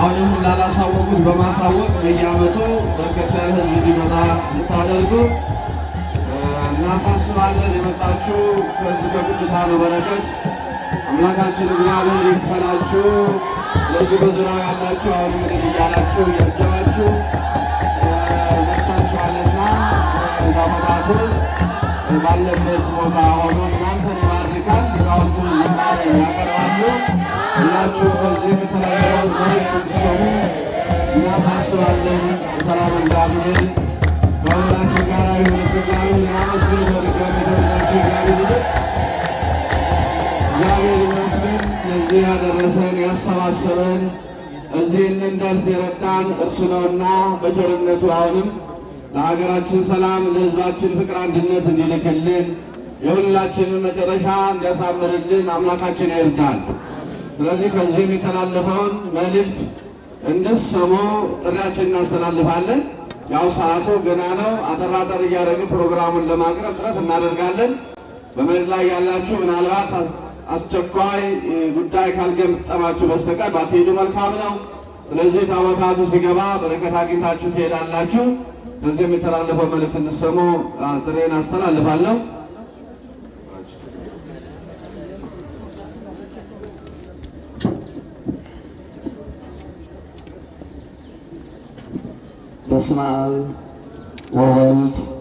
አሁንም ላላሳወቁት በማሳወቅ በየዓመቱ በርከት ህዝብ እንዲመጣ እንታደርጉ እናሳስባለን። የመጣችሁ ከዚህ ከቅዱሳኑ በረከት አምላካችን እግዚአብሔር ይክፈላችሁ። ለዚህ በዙሪያው ያላችሁ አሁን እንግዲህ እያላችሁ እያጀባችሁ መጥታችኋልና ዳመናቱ ባለበት ቦታ ሆኖ እናንተን ይባርካል። ሊቃውንቱን ዝማሬ ያቀርባሉ። ሁላችሁ በዚህ የተለያየው ማየት እንዲሰሙ እናሳስባለን። ሰላም እግዚአብሔር ከሁላችሁ ጋር ይሁን። ስላሉ ለማመስገን በድጋሚ ተብላችሁ እግዚአብሔር እግዚአብሔር ይመስገን። ለዚህ ያደረሰን ያሰባሰበን እዚህ እንደርስ የረዳን እርሱ ነውና በቸርነቱ አሁንም ለሀገራችን ሰላም ለሕዝባችን ፍቅር አንድነት እንዲልክልን የሁላችንን መጨረሻ እንዲያሳምርልን አምላካችን ይርዳል። ስለዚህ ከዚህ የሚተላለፈውን መልእክት እንድትሰሙ ጥሪያችን እናስተላልፋለን። ያው ሰዓቱ ገና ነው። አጠራጠር አጠር እያደረግን ፕሮግራሙን ለማቅረብ ጥረት እናደርጋለን። በመሬት ላይ ያላችሁ ምናልባት አስቸኳይ ጉዳይ ካልገጠማችሁ በስተቀር ባትሄዱ መልካም ነው። ስለዚህ ታቦታቱ ሲገባ በረከት አግኝታችሁ ትሄዳላችሁ። ከዚህ የሚተላለፈው መልእክት እንድትሰሙ ጥሬን አስተላልፋለሁ። the smile, world.